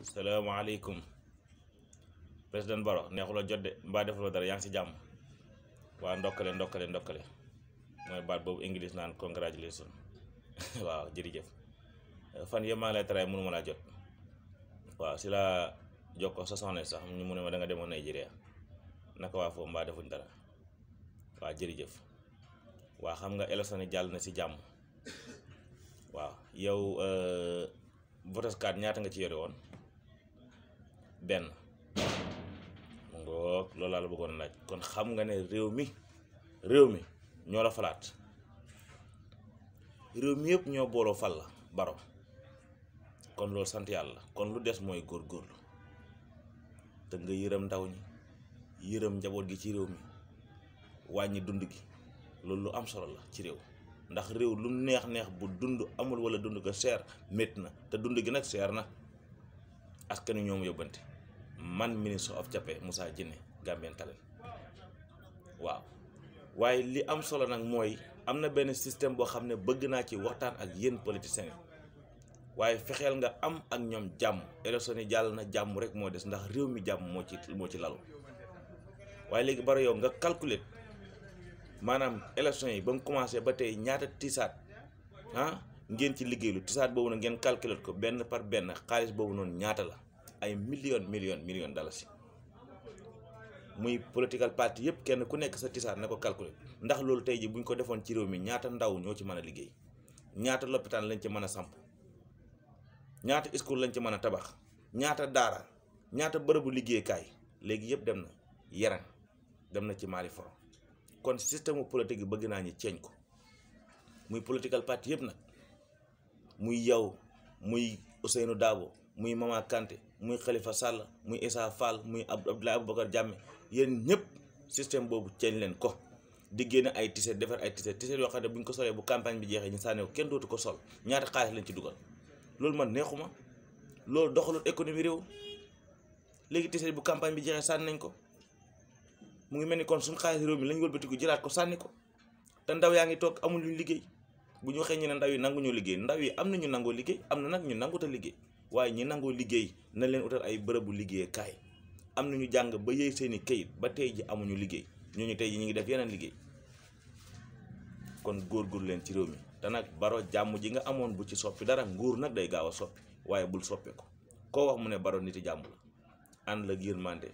Assalamualaikum, Presiden Baro neexula jot de mbaa defuloo dara si jàmm waa ndokkale ndokkale ndokkale mooy baat boobu english naan congratulation waaw jërëjëf fan yëpp maa ngi lay taraay mënuma laa jot waaw si laa jokkoo sa soxna sax ñu mu ma da nga demoon Nigeria naka waa foofu mbaa defuñ dara waaw jërëjëf waa xam nga élection na si jam, wa yow euh, vote card ñaata nga ci yore ben, ngok lola la bëggon laaj kon xam nga ne réew mi réew mi ñoo la falaat réew mi yëpp ñoo bolo fal la baro kon lool sant yalla kon lu des mooy gur te nga yërëm ndaw ñi yërëm njabot gi ci réew mi wañi dund gi lool lu am solo la ci réew ndax réew lu neex neex bu dund amul wala dund ga ser metna, te dund gi nak seer na askan ñoom yobante man ministre of Jappé Moussa Diéné Gambian Talents waaw waaye li am solo nag mooy am na benn système boo xam ne bëgg naa ci waxtaan ak yéen politiciens yi waaye fexeel nga am ak ñoom jàmm élection yi jàll na jàmm rek moo des ndax réew mi jàmm moo ci moo ci lalu waaye léegi bari yow nga calculer maanaam élection yi ba mu commencé ba tey ñaata tisaat ah, ngeen ci liggéeylu tisaat boobu na ngeen calculer ko benn par benn xaalis boobu noonu ñaata la. ay million million million dalasi muy political party yëpp kenn ku nekk sa tisaat na ko calculer ndax loolu tey ji buñ ko defoon ci réew mi ñaata ndaw ñoo ci mën a liggéey ñaata lopitaan lañ ci mën a samp ñaata iskul lañ ci mën a tabax ñaata daara ñaata bërëbu liggéeykaay léegi yëpp dem na yaran dem na ci maali forom kon système politique yi bëgg naa ñi ceeñ ko muy political party yëpp nag muy yow muy Ousseynou Dabo muy Mama Kanté muy Khalifa Sall muy isa Fall muy Abdoulaye abubakar jamme yéen ñep système bobu cëñ leen ko di génne ay tiset defar ay tiset tiset yo xam buñ bu ko solé bu campagne bi jeexee ñu sané ko kenn dootu ko sol ñaata xaaliss lañ ci duggal lool man neexuma lool doxalu économie réew légui tiset bu campagne bi jeexee sané nañ ko mu ngi melni kon suñu xaaliss réew mi lañ wëlbatiku jëlaat ko sané ko ta ndaw yaangi tok amul liggéey bu ñu waxee ñu ne ndaw yi nanguñu liggéey ndaw yi am na ñu nangoo liggéey am na ñu nanguta liggéey waaye ñi nangoo liggéey na leen utal ay bërëbu liggéeykaay am na ñu jàng ba yëy seeni i kayit ba tey ji amuñu liggéey ñooñu tey ji ñu ngi def yeneen liggéey kon góor góorgóorlu leen ci réew mi te nag baro jàmm ji nga amoon bu ci soppi dara nguur nag day gaaw a soppi waaye bul soppee ko koo wax mu ne baro niti jàmm la ànd la yërmande